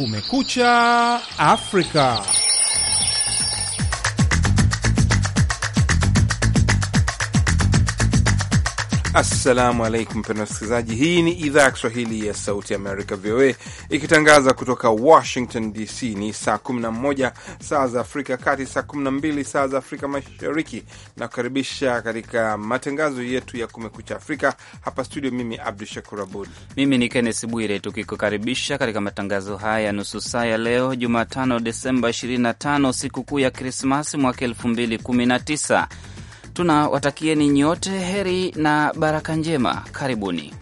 Kumekucha Afrika. Assalamu alaikum mpendwa msikilizaji, hii ni idhaa ya Kiswahili ya Sauti Amerika, VOA, ikitangaza kutoka Washington DC. Ni saa 11 saa za Afrika Kati, saa 12 saa za Afrika Mashariki, na kukaribisha katika matangazo yetu ya Kumekucha Afrika hapa studio. Mimi Abdu Shakur Abud, mimi ni Kennes Bwire, tukikukaribisha katika matangazo haya ya nusu saa ya leo Jumatano Desemba 25, sikukuu ya Krismasi mwaka 2019. Tunawatakieni nyote heri na baraka njema. Karibuni.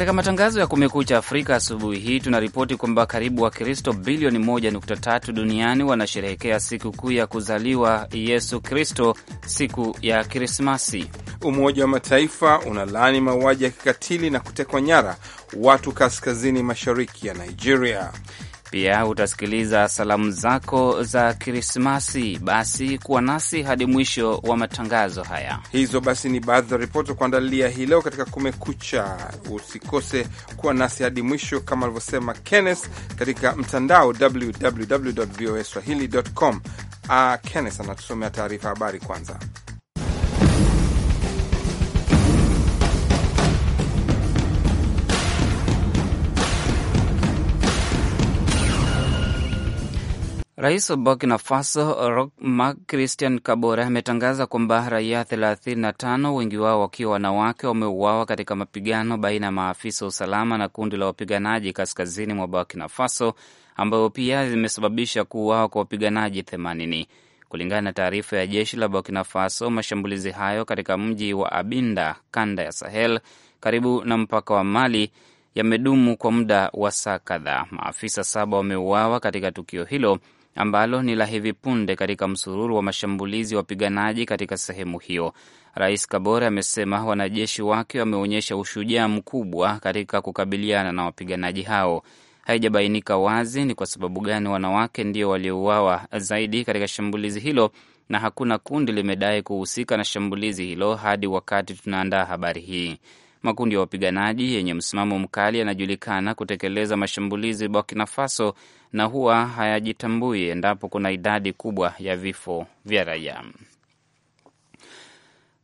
Katika matangazo ya Kumekucha Afrika asubuhi hii tunaripoti kwamba karibu Wakristo bilioni 1.3 duniani wanasherehekea sikukuu ya kuzaliwa Yesu Kristo, siku ya Krismasi. Umoja wa Mataifa unalaani mauaji ya kikatili na kutekwa nyara watu kaskazini mashariki ya Nigeria. Pia utasikiliza salamu zako za Krismasi. Basi kuwa nasi hadi mwisho wa matangazo haya. Hizo basi ni baadhi ya ripoti kuandalia hii leo katika Kumekucha. Usikose kuwa nasi hadi mwisho, kama alivyosema Kenneth, katika mtandao www voa swahili com. Ah, Kenneth anatusomea taarifa habari kwanza. Rais wa Burkina Faso Roch Marc Christian Kabore ametangaza kwamba raia 35 wengi wao wakiwa wanawake wameuawa katika mapigano baina ya maafisa wa usalama na kundi la wapiganaji kaskazini mwa Burkina Faso, ambayo pia zimesababisha kuuawa kwa wapiganaji 80. Kulingana na taarifa ya jeshi la Burkina Faso, mashambulizi hayo katika mji wa Abinda, kanda ya Sahel, karibu na mpaka wa Mali, yamedumu kwa muda wa saa kadhaa. Maafisa saba wameuawa katika tukio hilo ambalo ni la hivi punde katika msururu wa mashambulizi ya wapiganaji katika sehemu hiyo. Rais Kabore amesema wanajeshi wake wameonyesha ushujaa mkubwa katika kukabiliana na wapiganaji hao. Haijabainika wazi ni kwa sababu gani wanawake ndio waliouawa zaidi katika shambulizi hilo, na hakuna kundi limedai kuhusika na shambulizi hilo hadi wakati tunaandaa habari hii. Makundi ya wapiganaji yenye msimamo mkali yanajulikana kutekeleza mashambulizi Burkina Faso na huwa hayajitambui endapo kuna idadi kubwa ya vifo vya raia.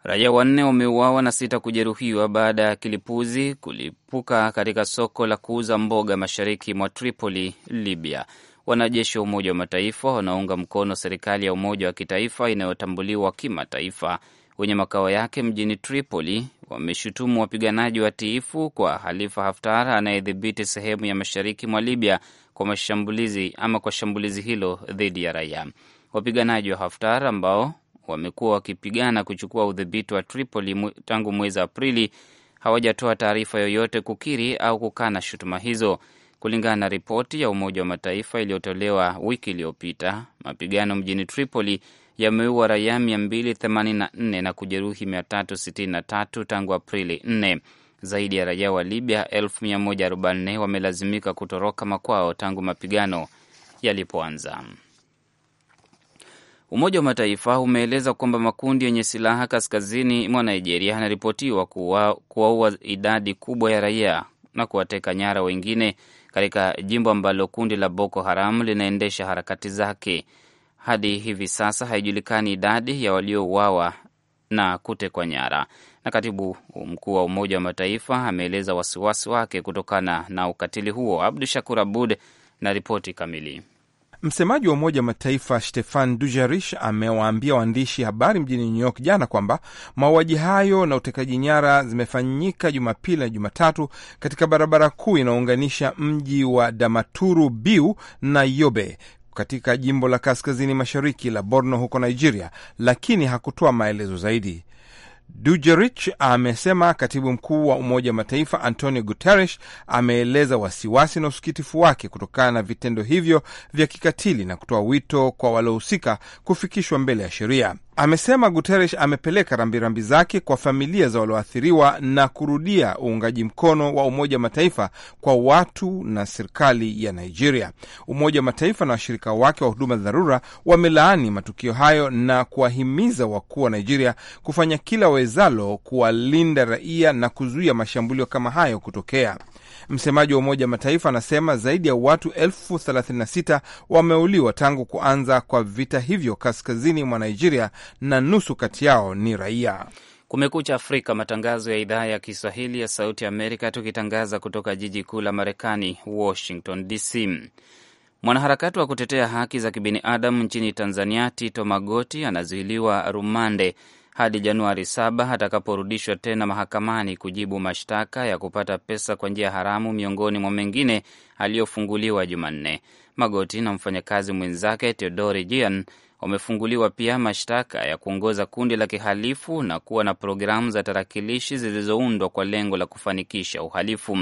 Raia wanne wameuawa na sita kujeruhiwa baada ya kilipuzi kulipuka katika soko la kuuza mboga mashariki mwa Tripoli, Libya. Wanajeshi wa Umoja wa Mataifa wanaunga mkono serikali ya umoja wa kitaifa inayotambuliwa kimataifa wenye makao yake mjini Tripoli wameshutumu wapiganaji watiifu kwa Halifa Haftar anayedhibiti sehemu ya mashariki mwa Libya kwa mashambulizi ama kwa shambulizi hilo dhidi ya raia. Wapiganaji wa Haftar ambao wamekuwa wakipigana kuchukua udhibiti wa Tripoli tangu mwezi Aprili hawajatoa taarifa yoyote kukiri au kukana shutuma hizo. Kulingana na ripoti ya Umoja wa Mataifa iliyotolewa wiki iliyopita, mapigano mjini Tripoli yameua raia 284 na kujeruhi 363 tangu Aprili 4. Zaidi ya raia wa Libya 144 wamelazimika kutoroka makwao tangu mapigano yalipoanza. Umoja wa Mataifa umeeleza kwamba makundi yenye silaha kaskazini mwa Nigeria yanaripotiwa kuwaua idadi kubwa ya raia na kuwateka nyara wengine katika jimbo ambalo kundi la Boko Haram linaendesha harakati zake. Hadi hivi sasa haijulikani idadi ya waliouawa na kutekwa nyara. Na katibu mkuu wa Umoja wa Mataifa ameeleza wasiwasi wake kutokana na ukatili huo. Abdu Shakur Abud na ripoti kamili. Msemaji wa Umoja wa Mataifa Stefan Dujarish amewaambia waandishi habari mjini New York jana kwamba mauaji hayo na utekaji nyara zimefanyika Jumapili na Jumatatu katika barabara kuu inaounganisha mji wa Damaturu Biu na Yobe katika jimbo la kaskazini mashariki la Borno huko Nigeria, lakini hakutoa maelezo zaidi. Dujerich amesema katibu mkuu wa Umoja wa Mataifa Antonio Guterres ameeleza wasiwasi na usikitifu wake kutokana na vitendo hivyo vya kikatili na kutoa wito kwa waliohusika kufikishwa mbele ya sheria. Amesema Guterres amepeleka rambirambi zake kwa familia za walioathiriwa na kurudia uungaji mkono wa Umoja wa Mataifa kwa watu na serikali ya Nigeria. Umoja wa Mataifa na washirika wake wa huduma dharura wamelaani matukio hayo na kuwahimiza wakuu wa Nigeria kufanya kila wezalo kuwalinda raia na kuzuia mashambulio kama hayo kutokea. Msemaji wa Umoja wa Mataifa anasema zaidi ya watu elfu 36 wameuliwa tangu kuanza kwa vita hivyo kaskazini mwa Nigeria na nusu kati yao ni raia. Kumekucha Afrika, matangazo ya idhaa ya Kiswahili ya Sauti ya Amerika, tukitangaza kutoka jiji kuu la Marekani, Washington DC. Mwanaharakati wa kutetea haki za kibinadamu nchini Tanzania, Tito Magoti, anazuiliwa rumande hadi Januari saba atakaporudishwa tena mahakamani kujibu mashtaka ya kupata pesa kwa njia haramu miongoni mwa mengine aliyofunguliwa Jumanne. Magoti na mfanyakazi mwenzake Teodori Jian wamefunguliwa pia mashtaka ya kuongoza kundi la kihalifu na kuwa na programu za tarakilishi zilizoundwa kwa lengo la kufanikisha uhalifu.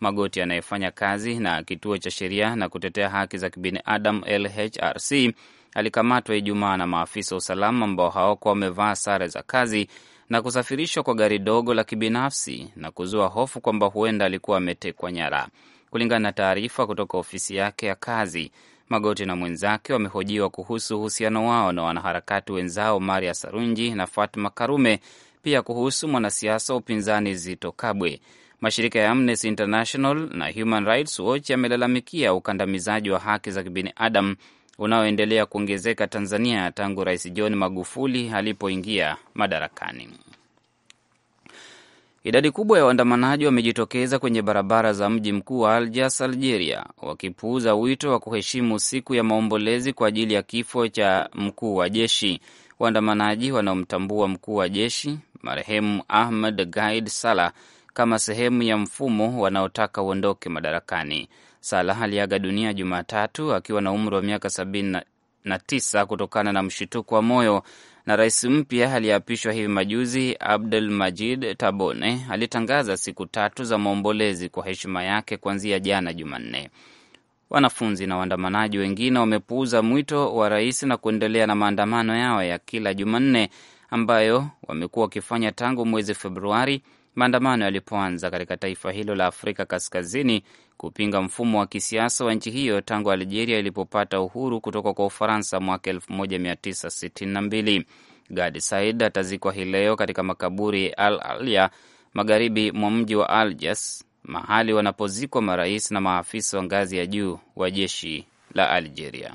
Magoti anayefanya kazi na kituo cha sheria na kutetea haki za kibinadamu LHRC alikamatwa Ijumaa na maafisa wa usalama ambao hawakuwa wamevaa sare za kazi na kusafirishwa kwa gari dogo la kibinafsi na kuzua hofu kwamba huenda alikuwa ametekwa nyara, kulingana na taarifa kutoka ofisi yake ya kazi. Magoti na mwenzake wamehojiwa kuhusu uhusiano wao na wanaharakati wenzao Maria Sarunji na Fatma Karume, pia kuhusu mwanasiasa wa upinzani Zito Kabwe. Mashirika ya Amnesty International na Human Rights Watch yamelalamikia ukandamizaji wa haki za kibinadamu unaoendelea kuongezeka Tanzania tangu Rais John Magufuli alipoingia madarakani. Idadi kubwa ya waandamanaji wamejitokeza kwenye barabara za mji mkuu wa Algiers, Algeria, wakipuuza wito wa kuheshimu siku ya maombolezi kwa ajili ya kifo cha mkuu wa jeshi. Waandamanaji wanaomtambua mkuu wa jeshi marehemu Ahmed Gaid Salah kama sehemu ya mfumo wanaotaka uondoke madarakani. Salah aliaga dunia Jumatatu akiwa na umri wa miaka 79 kutokana na mshituko wa moyo na rais mpya aliyeapishwa hivi majuzi Abdul Majid Tabone alitangaza siku tatu za maombolezi kwa heshima yake kuanzia jana Jumanne. Wanafunzi na waandamanaji wengine wamepuuza mwito wa rais na kuendelea na maandamano yao ya kila Jumanne ambayo wamekuwa wakifanya tangu mwezi Februari maandamano yalipoanza katika taifa hilo la Afrika Kaskazini kupinga mfumo wa kisiasa wa nchi hiyo tangu Algeria ilipopata uhuru kutoka kwa Ufaransa mwaka 1962. Gadi Said atazikwa hii leo katika makaburi Al alya magharibi mwa mji wa Algiers, mahali wanapozikwa marais na maafisa wa ngazi ya juu wa jeshi la Algeria.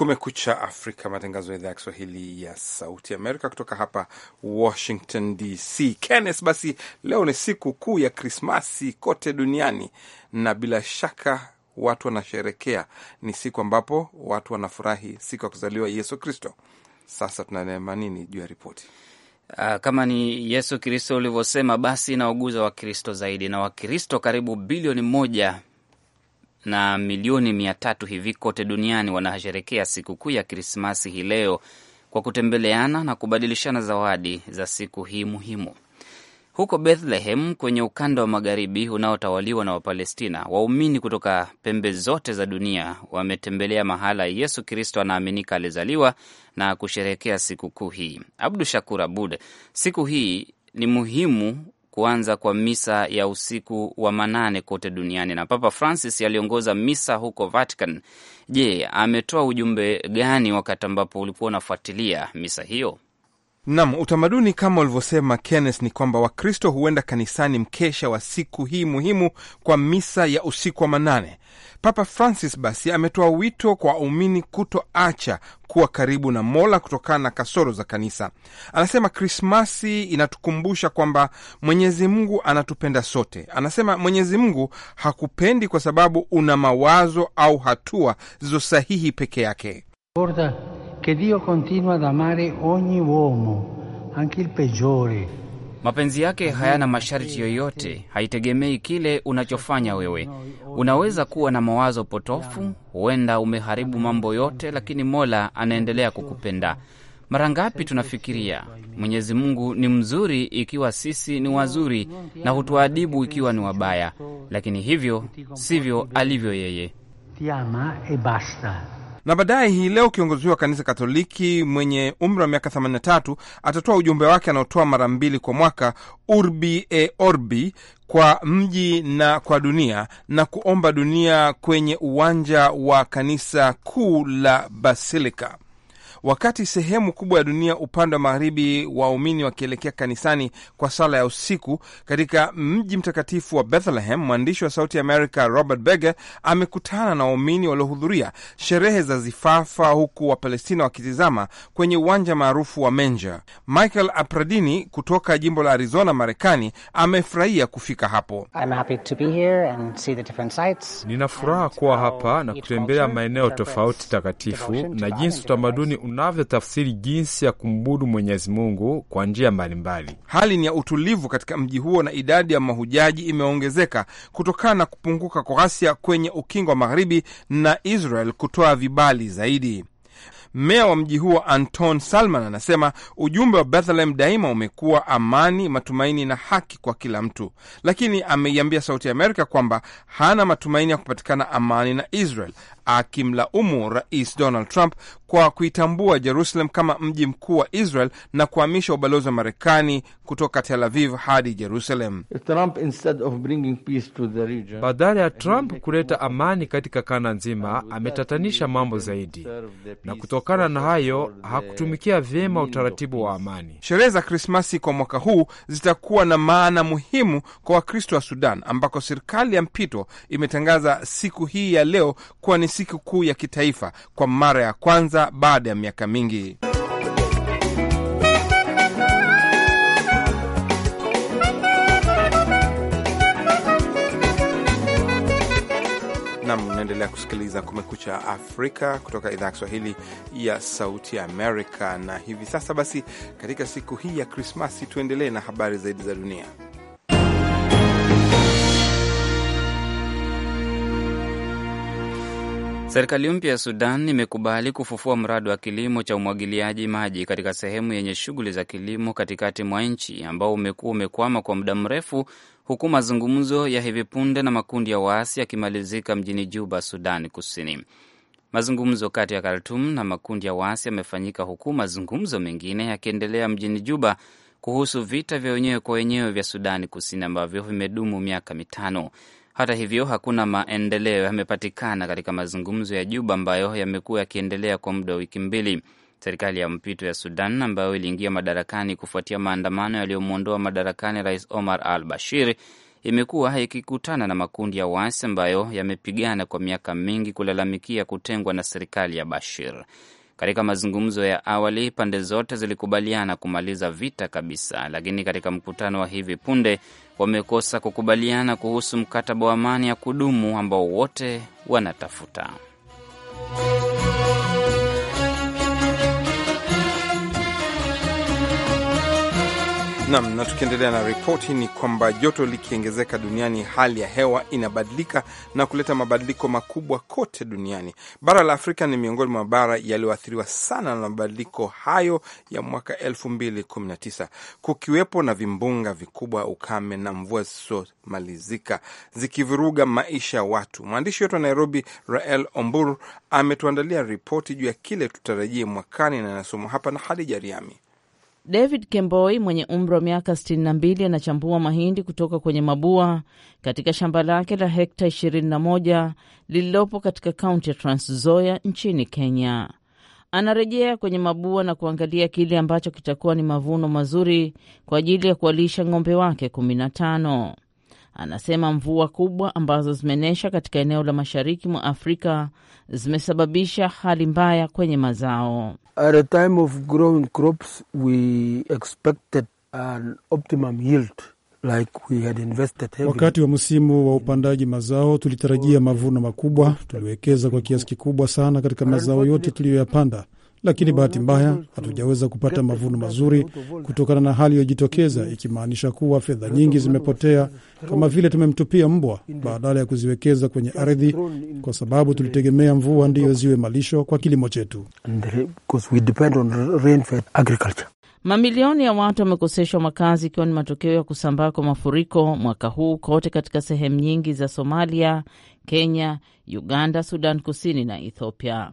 Kumekucha Afrika, matangazo ya idhaa ya Kiswahili ya Sauti Amerika kutoka hapa Washington DC. Kenneth, basi leo ni siku kuu ya Krismasi kote duniani, na bila shaka watu wanasherekea. Ni siku ambapo watu wanafurahi siku ya kuzaliwa Yesu Kristo. Sasa tunanema nini juu ya ripoti ah, kama ni Yesu Kristo ulivyosema, basi inauguza Wakristo zaidi na Wakristo karibu bilioni moja na milioni mia tatu hivi kote duniani wanasherekea sikukuu ya Krismasi hii leo kwa kutembeleana na kubadilishana zawadi za siku hii muhimu. Huko Bethlehem kwenye ukanda wa magharibi unaotawaliwa na Wapalestina, waumini kutoka pembe zote za dunia wametembelea mahala Yesu Kristo anaaminika alizaliwa na kusherehekea sikukuu hii. Abdu Shakur Abud, siku hii ni muhimu kuanza kwa misa ya usiku wa manane kote duniani, na Papa Francis aliongoza misa huko Vatican. Je, ametoa ujumbe gani wakati ambapo ulikuwa unafuatilia misa hiyo? Nam, utamaduni kama ulivyosema Kenneth ni kwamba Wakristo huenda kanisani mkesha wa siku hii muhimu kwa misa ya usiku wa manane. Papa Francis basi ametoa wito kwa waumini kutoacha kuwa karibu na Mola kutokana na kasoro za kanisa. Anasema Krismasi inatukumbusha kwamba Mwenyezi Mungu anatupenda sote. Anasema Mwenyezi Mungu hakupendi kwa sababu una mawazo au hatua zilizo sahihi peke yake che Dio continua ad amare ogni uomo, anche il peggiore. Mapenzi yake hayana masharti yoyote, haitegemei kile unachofanya wewe. Unaweza kuwa na mawazo potofu, huenda umeharibu mambo yote, lakini Mola anaendelea kukupenda. Mara ngapi tunafikiria Mwenyezi Mungu ni mzuri ikiwa sisi ni wazuri na hutuadibu ikiwa ni wabaya, lakini hivyo sivyo alivyo yeye. Ti ama e basta. Na baadaye hii leo kiongozi wa kanisa Katoliki mwenye umri wa miaka 83 atatoa ujumbe wake anaotoa mara mbili kwa mwaka, Urbi e Orbi, kwa mji na kwa dunia, na kuomba dunia kwenye uwanja wa kanisa kuu la Basilika. Wakati sehemu kubwa ya dunia upande wa magharibi waumini wakielekea kanisani kwa sala ya usiku katika mji mtakatifu wa Bethlehem, mwandishi wa Sauti America Robert Berger amekutana na waumini waliohudhuria sherehe za zifafa, huku Wapalestina wakitizama kwenye uwanja maarufu wa Menja. Michael Apradini kutoka jimbo la Arizona, Marekani, amefurahia kufika hapo. Nina furaha kuwa hapa na kutembelea maeneo tofauti takatifu na jinsi utamaduni unavyotafsiri jinsi ya kumbudu Mwenyezi Mungu kwa njia mbalimbali. Hali ni ya utulivu katika mji huo na idadi ya mahujaji imeongezeka kutokana na kupunguka kwa ghasia kwenye ukingo wa magharibi na Israel kutoa vibali zaidi. Meya wa mji huo Anton Salman anasema ujumbe wa Bethlehem daima umekuwa amani, matumaini na haki kwa kila mtu, lakini ameiambia Sauti ya Amerika kwamba hana matumaini ya kupatikana amani na Israel akimlaumu Rais Donald Trump kwa kuitambua Jerusalem kama mji mkuu wa Israel na kuhamisha ubalozi wa Marekani kutoka Tel Aviv hadi Jerusalem. Badala ya Trump kuleta amani katika kanda nzima, ametatanisha mambo zaidi, na kutokana na hayo hakutumikia vyema utaratibu wa amani. Sherehe za Krismasi kwa mwaka huu zitakuwa na maana muhimu kwa Wakristo wa Sudan, ambako serikali ya mpito imetangaza siku hii ya leo kuwa ni siku kuu ya kitaifa kwa mara ya kwanza baada ya miaka mingi. Nam, unaendelea kusikiliza Kumekucha Afrika kutoka idhaa ya Kiswahili ya Sauti ya Amerika. Na hivi sasa basi, katika siku hii ya Krismasi, tuendelee na habari zaidi za dunia. Serikali mpya ya Sudan imekubali kufufua mradi wa kilimo cha umwagiliaji maji katika sehemu yenye shughuli za kilimo katikati mwa nchi ambao umekuwa umekwama kwa muda mrefu, huku mazungumzo ya hivi punde na makundi ya waasi yakimalizika mjini Juba, Sudan Kusini. Mazungumzo kati ya Khartum na makundi ya waasi yamefanyika huku mazungumzo mengine yakiendelea mjini Juba kuhusu vita vya wenyewe kwa wenyewe vya Sudani Kusini ambavyo vimedumu miaka mitano. Hata hivyo, hakuna maendeleo yamepatikana katika mazungumzo ya Juba ambayo yamekuwa yakiendelea kwa muda wa wiki mbili. Serikali ya mpito ya Sudan ambayo iliingia madarakani kufuatia maandamano yaliyomwondoa madarakani Rais Omar al Bashir imekuwa ikikutana na makundi ya waasi ambayo yamepigana kwa miaka mingi kulalamikia kutengwa na serikali ya Bashir. Katika mazungumzo ya awali, pande zote zilikubaliana kumaliza vita kabisa, lakini katika mkutano wa hivi punde wamekosa kukubaliana kuhusu mkataba wa amani ya kudumu ambao wote wanatafuta. Nam, na tukiendelea na ripoti ni kwamba joto likiongezeka duniani hali ya hewa inabadilika na kuleta mabadiliko makubwa kote duniani. Bara la Afrika ni miongoni mwa bara yaliyoathiriwa sana na mabadiliko hayo ya mwaka 2019 kukiwepo na vimbunga vikubwa, ukame na mvua zisizomalizika zikivuruga maisha ya watu. Mwandishi wetu wa Nairobi, Rael Ombur, ametuandalia ripoti juu ya kile tutarajie mwakani na inasomwa hapa na Hadija Riami. David Kemboi mwenye umri wa miaka 62 anachambua mahindi kutoka kwenye mabua katika shamba lake la hekta 21 lililopo katika kaunti ya Trans Nzoia nchini Kenya. Anarejea kwenye mabua na kuangalia kile ambacho kitakuwa ni mavuno mazuri kwa ajili ya kuwalisha ng'ombe wake 15. Anasema mvua kubwa ambazo zimenyesha katika eneo la mashariki mwa Afrika zimesababisha hali mbaya kwenye mazao. At a time of growing crops we expected an optimum yield. Like we had invested heavily. Wakati wa msimu wa upandaji mazao tulitarajia mavuno makubwa. Tuliwekeza kwa kiasi kikubwa sana katika mazao yote tuliyoyapanda, lakini bahati mbaya hatujaweza kupata mavuno mazuri kutokana na hali iliyojitokeza, ikimaanisha kuwa fedha nyingi zimepotea, kama vile tumemtupia mbwa badala ya kuziwekeza kwenye ardhi, kwa sababu tulitegemea mvua ndiyo ziwe malisho kwa kilimo chetu. Mamilioni ya watu wamekoseshwa makazi ikiwa ni matokeo ya kusambaa kwa mafuriko mwaka huu kote katika sehemu nyingi za Somalia, Kenya, Uganda, Sudan Kusini na Ethiopia.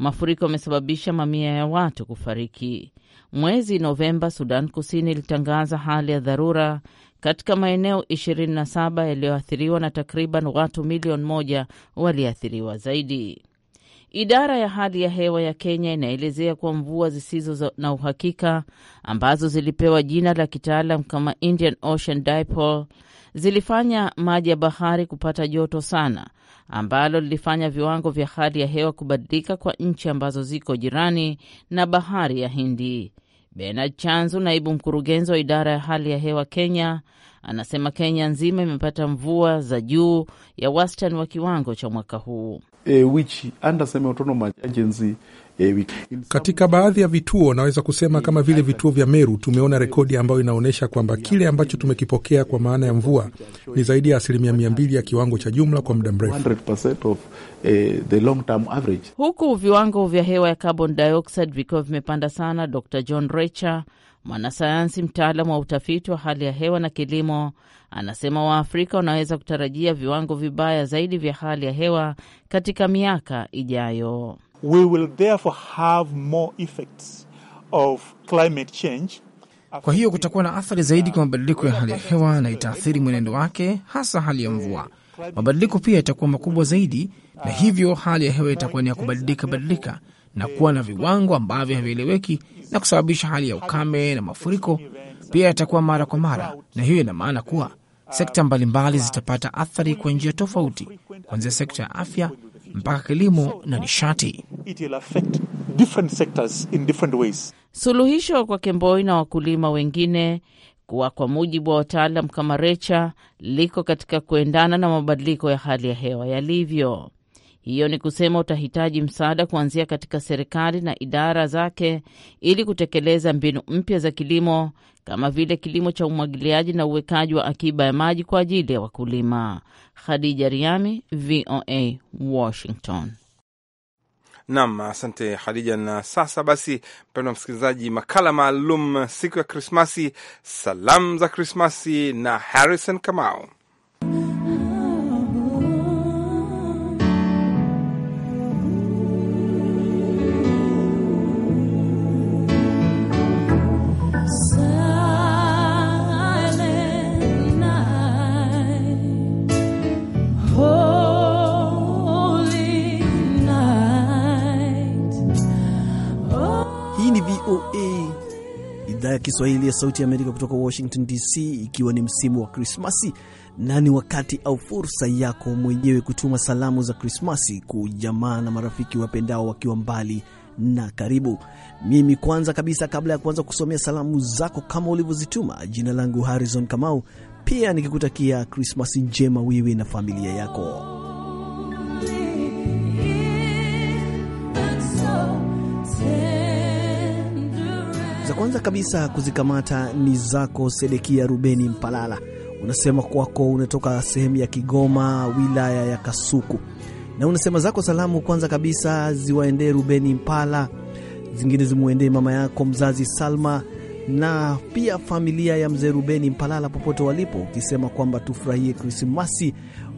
Mafuriko yamesababisha mamia ya watu kufariki. Mwezi Novemba, Sudan Kusini ilitangaza hali ya dharura katika maeneo 27 yaliyoathiriwa na takriban watu milioni moja waliathiriwa zaidi. Idara ya hali ya hewa ya Kenya inaelezea kuwa mvua zisizo na uhakika ambazo zilipewa jina la kitaalam kama Indian Ocean Dipole zilifanya maji ya bahari kupata joto sana ambalo lilifanya viwango vya hali ya hewa kubadilika kwa nchi ambazo ziko jirani na bahari ya Hindi. Benard Chanzu, naibu mkurugenzi wa idara ya hali ya hewa Kenya, anasema Kenya nzima imepata mvua za juu ya wastani wa kiwango cha mwaka huu. E, which, katika baadhi ya vituo naweza kusema kama vile vituo vya Meru, tumeona rekodi ambayo inaonyesha kwamba kile ambacho tumekipokea kwa maana ya mvua ni zaidi ya asilimia mia mbili ya kiwango cha jumla kwa muda mrefu, eh, huku viwango vya hewa ya carbon dioxide vikiwa vimepanda sana. Dr John Recher, mwanasayansi mtaalamu wa utafiti wa hali ya hewa na kilimo, anasema Waafrika wanaweza kutarajia viwango vibaya zaidi vya hali ya hewa katika miaka ijayo. We will therefore have more effects of climate change. Kwa hiyo kutakuwa na athari zaidi kwa mabadiliko ya hali ya hewa na itaathiri mwenendo wake, hasa hali ya mvua. Mabadiliko pia yatakuwa makubwa zaidi, na ah, hivyo hali ya hewa itakuwa ni ya kubadilika badilika na kuwa na viwango ambavyo havieleweki na kusababisha hali ya ukame na mafuriko. Pia yatakuwa mara kwa mara, na hiyo ina maana kuwa sekta mbalimbali zitapata athari kwa njia tofauti, kuanzia sekta ya afya mpaka kilimo na nishati. Suluhisho kwa Kemboi na wakulima wengine kuwa kwa mujibu wa wataalam kama Recha liko katika kuendana na mabadiliko ya hali ya hewa yalivyo. Hiyo ni kusema utahitaji msaada kuanzia katika serikali na idara zake ili kutekeleza mbinu mpya za kilimo kama vile kilimo cha umwagiliaji na uwekaji wa akiba ya maji kwa ajili ya wakulima. Khadija Riami, VOA, Washington. Nam, asante Hadija. Na sasa basi, mpendwa msikilizaji, makala maalum siku ya Krismasi, salamu za Krismasi na Harrison Kamau. idhaa ya Kiswahili ya Sauti ya Amerika kutoka Washington DC, ikiwa ni msimu wa Krismasi na ni wakati au fursa yako mwenyewe kutuma salamu za Krismasi ku jamaa na marafiki wapendao wakiwa mbali na karibu. Mimi kwanza kabisa, kabla ya kuanza kusomea salamu zako kama ulivyozituma, jina langu Harrison Kamau, pia nikikutakia Krismasi njema wiwi na familia yako. kwanza kabisa kuzikamata ni zako Sedekia Rubeni Mpalala. Unasema kwako unatoka sehemu ya Kigoma, wilaya ya Kasuku, na unasema zako salamu kwanza kabisa ziwaendee Rubeni Mpala, zingine zimwendee mama yako mzazi Salma na pia familia ya mzee Rubeni Mpalala popote walipo, ukisema kwamba tufurahie Krismasi,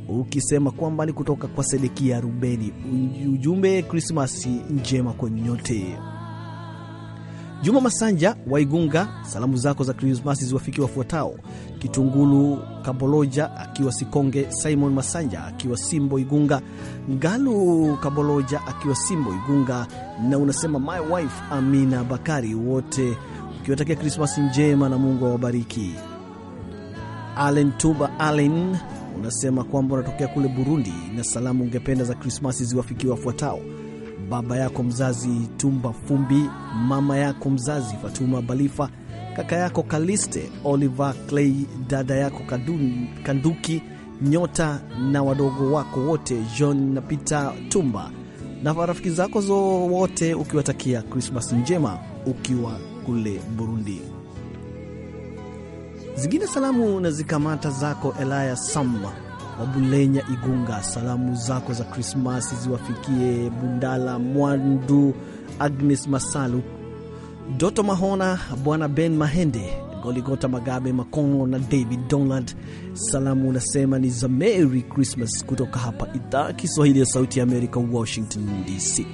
ukisema kwamba ni kutoka kwa Sedekia Rubeni. Ujumbe Krismasi njema kwenu nyote. Juma Masanja Waigunga, salamu zako za Krismasi ziwafikie wafuatao: Kitungulu Kaboloja akiwa Sikonge, Simon Masanja akiwa Simbo Igunga, Ngalu Kaboloja akiwa Simbo Igunga, na unasema my wife Amina Bakari, wote ukiwatakia Krismasi njema na Mungu awabariki. Allen Tuba Allen unasema kwamba unatokea kule Burundi na salamu ungependa za Krismasi ziwafikie wafuatao: baba yako mzazi Tumba Fumbi, mama yako mzazi Fatuma Balifa, kaka yako Kaliste Oliver Clay, dada yako Kadun, Kanduki Nyota na wadogo wako wote John na Peter Tumba na marafiki zako wote, ukiwatakia Krismas njema ukiwa kule Burundi. Zingine salamu na zikamata zako Elaya samma Wabulenya Igunga, salamu zako za Krismasi ziwafikie Bundala Mwandu, Agnes Masalu, Doto Mahona, Bwana Ben Mahende, Goligota Magabe makono na David Donald. Salamu unasema ni za Merry Christmas kutoka hapa idhaa Kiswahili ya Sauti ya Amerika, Washington DC.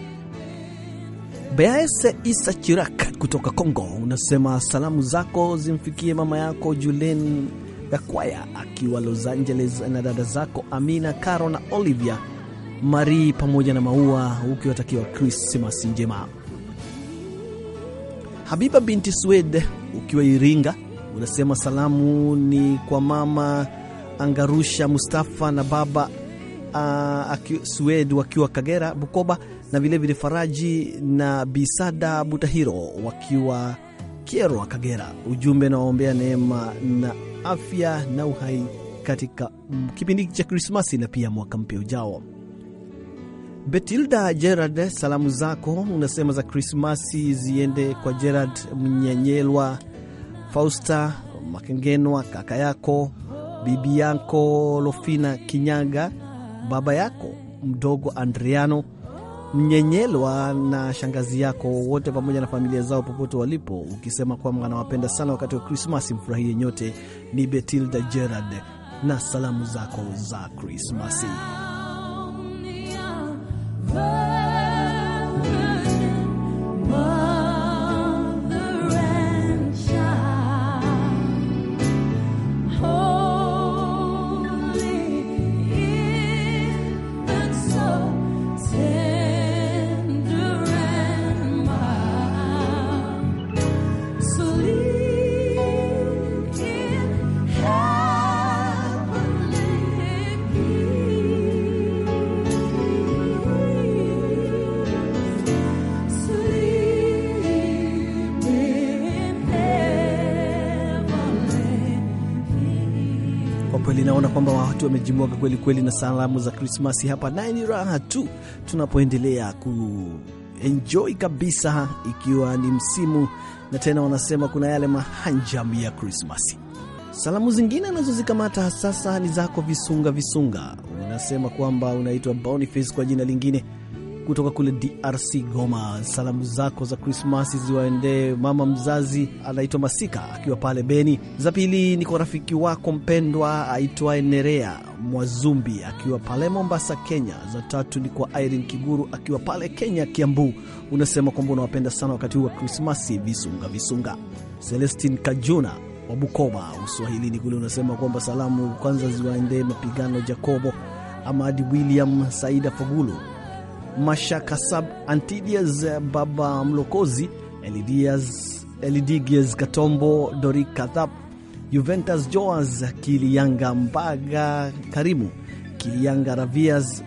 Beaese Isa Chirak kutoka congo unasema salamu zako zimfikie mama yako Julen Dakwaya akiwa Los Angeles na dada zako Amina, Caro na Olivia Marie pamoja na Maua, ukiwatakiwa Krismasi njema. Habiba binti Swed ukiwa Iringa unasema salamu ni kwa mama Angarusha Mustafa na baba uh, Swed wakiwa Kagera, Bukoba na vilevile vile Faraji na Bisada Butahiro wakiwa Kyerwa, Kagera. Ujumbe nawaombea neema na afya na uhai katika mm, kipindi cha Krismasi na pia mwaka mpya ujao. Betilda Gerard, salamu zako unasema za Krismasi ziende kwa Gerard Mnyenyelwa, Fausta Makengenwa, kaka yako, bibi yako Lofina Kinyaga, baba yako mdogo Andriano mnyenyelwa na shangazi yako wote pamoja na familia zao popote walipo, ukisema kwamba anawapenda sana. Wakati wa Krismasi mfurahie nyote. Ni Betilda Gerard na salamu zako za Krismasi. kweli, naona kwamba watu wamejimwaga kweli kweli na salamu za Krismasi hapa, naye ni raha tu tunapoendelea kuenjoi kabisa, ikiwa ni msimu na tena wanasema kuna yale mahanjam ya Krismasi. Salamu zingine anazozikamata sasa ni zako Visunga Visunga, unasema kwamba unaitwa Boniface kwa jina lingine kutoka kule DRC Goma. Salamu zako za Krismasi ziwaendee mama mzazi anaitwa Masika akiwa pale Beni. Za pili ni kwa rafiki wako mpendwa aitwaye Nerea Mwazumbi akiwa pale Mombasa, Kenya. Za tatu ni kwa Irene Kiguru akiwa pale Kenya, Kiambu. Unasema kwamba unawapenda sana wakati huu wa Krismasi, visunga visunga. Celestin Kajuna wa Bukoba Uswahilini kule unasema kwamba salamu kwanza ziwaendee Mapigano Jacobo Amadi William Saida Fagulu Mashakasab, Antidias Baba Mlokozi, Elidias, Elidigias Katombo, Dori Kathap, Juventus Joas, Kilianga Mbaga, Karimu Kilianga Ravias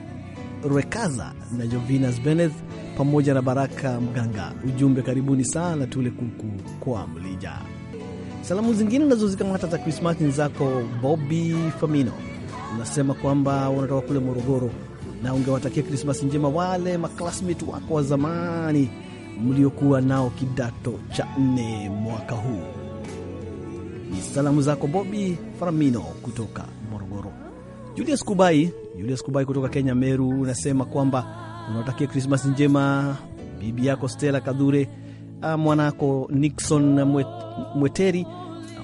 Rwekaza na Jovinas Beneth pamoja na Baraka Mganga. Ujumbe, karibuni sana tule kuku kwa mlija. Salamu zingine nazozikamata za Krismasi ni zako Bobi Famino, unasema kwamba unatoka kule Morogoro na ungewatakia Krismasi njema wale maklasmeti wako wa zamani mliokuwa nao kidato cha nne mwaka huu. Ni salamu zako Bobi Faramino kutoka Morogoro. Julius Kubai, Julius Kubai kutoka Kenya, Meru, unasema kwamba unawatakia Krismasi njema bibi yako Stela Kadhure, mwanako Nixon Mweteri,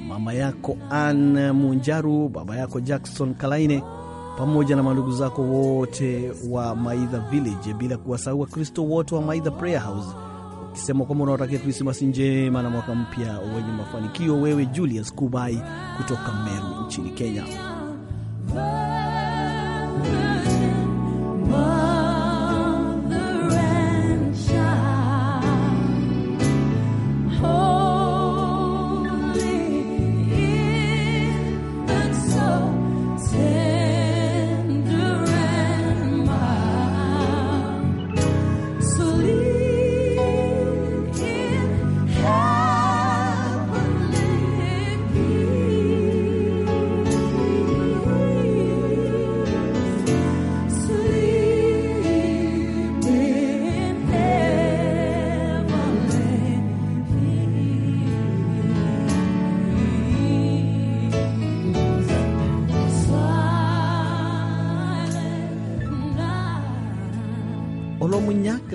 mama yako Ann Munjaru, baba yako Jackson Kalaine pamoja na mandugu zako wote wa Maidha Village, bila kuwasahau Wakristo wote wa Maidha Prayer House, ukisema kwamba unawatakia Krismasi njema na mwaka mpya wenye mafanikio. Wewe Julius Kubai kutoka Meru nchini Kenya.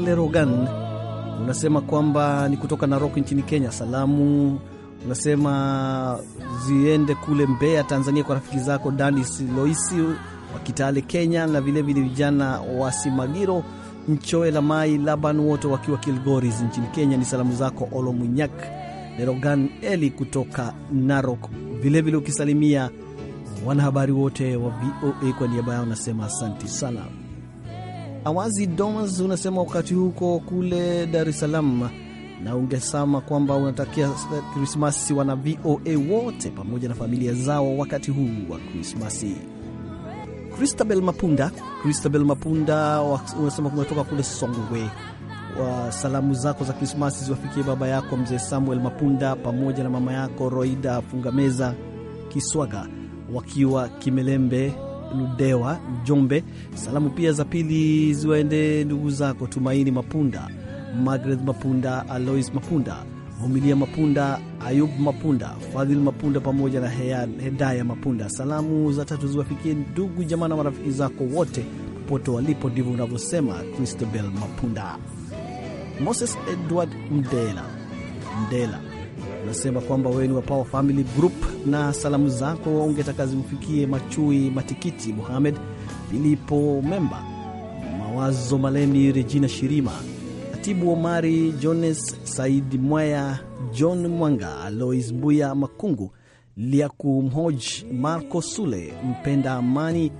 Lerogan unasema kwamba ni kutoka Narok nchini Kenya. Salamu unasema ziende kule Mbeya, Tanzania, kwa rafiki zako Danis Loisi wa Kitale, Kenya, na vilevile vijana wa Simagiro Nchoe la Mai Laban, wote wakiwa Kilgoris nchini Kenya. Ni salamu zako olomunyak Lerogan Eli kutoka Narok, vilevile ukisalimia wanahabari wote wa VOA. Kwa niaba yao nasema asanti sana. Awazi Domas unasema wakati huko kule Dar es Salaam na ungesema kwamba unatakia Krismasi wana VOA wote pamoja na familia zao wakati huu wa Krismasi. Christabel Mapunda, Christabel Mapunda unasema kumetoka kule Songwe. Wa salamu zako za Krismasi ziwafikie baba yako mzee Samuel Mapunda pamoja na mama yako Roida Fungameza Kiswaga wakiwa Kimelembe Ludewa Njombe. Salamu pia za pili ziwaende ndugu zako Tumaini Mapunda, Margaret Mapunda, Alois Mapunda, Vumilia Mapunda, Ayub Mapunda, Fadhil Mapunda pamoja na Hedaya Mapunda. Salamu za tatu ziwafikie ndugu jamaa na marafiki zako wote popote walipo, ndivyo unavyosema Christabel Mapunda. Moses Edward Mdela Mdela unasema kwamba wewe ni wa Power Family Group na salamu zako ungetaka zimfikie Machui Matikiti, Muhamed Filipo Memba, Mawazo Malemi, Regina Shirima, Atibu Omari, Jones Saidi Mwaya, John Mwanga, Alois Mbuya Makungu, Liaku Mhoj, Marco Sule, Mpenda Amani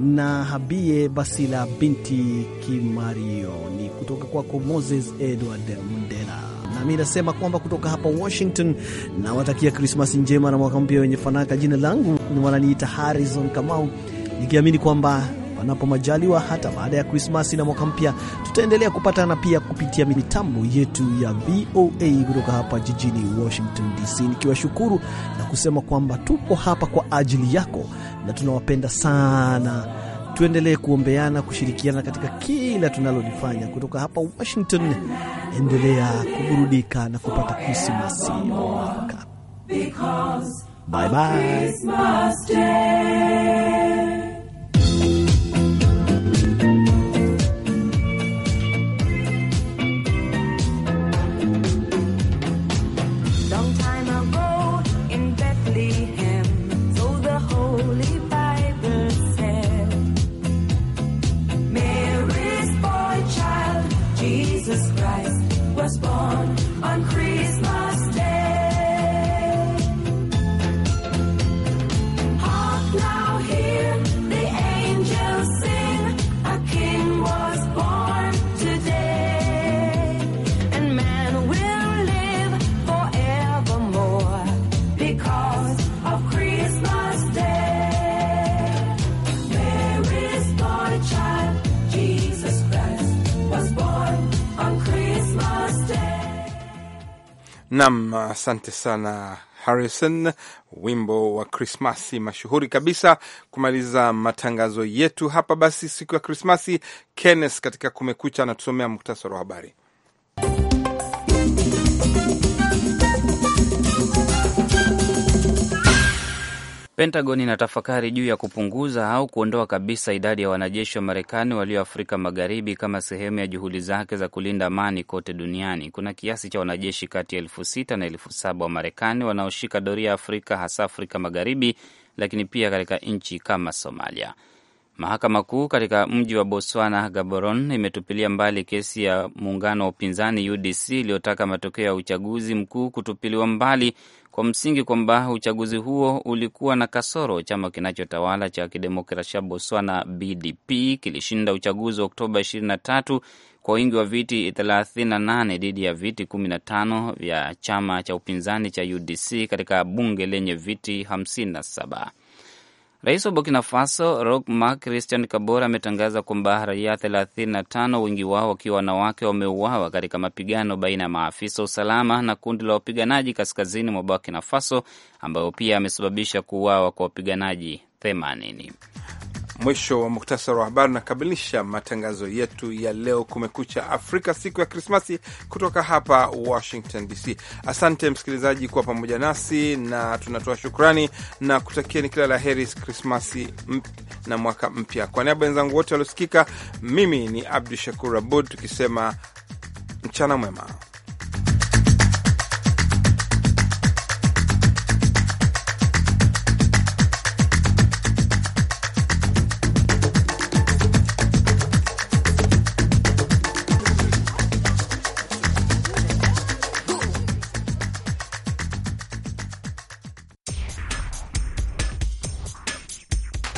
na Habie Basila binti Kimarioni, kutoka kwako Moses Edward Mndera nami nasema kwamba kutoka hapa Washington nawatakia Krismasi njema na mwaka mpya wenye fanaka. Jina langu ni wananiita Harrison Kamau, nikiamini kwamba panapo majaliwa, hata baada ya Krismasi na mwaka mpya tutaendelea kupatana pia kupitia mitambo yetu ya VOA kutoka hapa jijini Washington DC, nikiwashukuru na kusema kwamba tupo hapa kwa ajili yako na tunawapenda sana tuendelee kuombeana, kushirikiana katika kila tunalolifanya. Kutoka hapa Washington, endelea kuburudika na kupata Krismasi mwaka. Bye bye. Nam, asante sana Harrison. Wimbo wa Krismasi mashuhuri kabisa kumaliza matangazo yetu hapa. Basi siku ya Krismasi, Kenneth katika Kumekucha anatusomea muktasari wa habari. Pentagon inatafakari juu ya kupunguza au kuondoa kabisa idadi ya wanajeshi wa Marekani walio Afrika Magharibi kama sehemu ya juhudi zake za kulinda amani kote duniani. Kuna kiasi cha wanajeshi kati ya elfu sita na elfu saba wa Marekani wanaoshika doria ya Afrika, hasa Afrika Magharibi, lakini pia katika nchi kama Somalia. Mahakama Kuu katika mji wa Botswana, Gaborone, imetupilia mbali kesi ya muungano wa upinzani UDC iliyotaka matokeo ya uchaguzi mkuu kutupiliwa mbali kwa msingi kwamba uchaguzi huo ulikuwa na kasoro. Chama kinachotawala cha kidemokrasia Botswana, BDP, kilishinda uchaguzi wa Oktoba 23 kwa wingi wa viti 38 dhidi ya viti 15 vya chama cha upinzani cha UDC katika bunge lenye viti 57. Rais wa Burkina Faso Roch Marc Christian Kabore ametangaza kwamba raia 35 wengi wao wakiwa wanawake wameuawa katika mapigano baina ya maafisa wa usalama na kundi la wapiganaji kaskazini mwa Burkina Faso, ambayo pia amesababisha kuuawa kwa wapiganaji 80. Mwisho wa muktasari wa habari unakamilisha matangazo yetu ya leo, Kumekucha Afrika, siku ya Krismasi, kutoka hapa Washington DC. Asante msikilizaji kuwa pamoja nasi, na tunatoa shukrani na kutakieni kila la heri Krismasi na mwaka mpya. Kwa niaba wenzangu wote waliosikika, mimi ni Abdu Shakur Abud tukisema mchana mwema.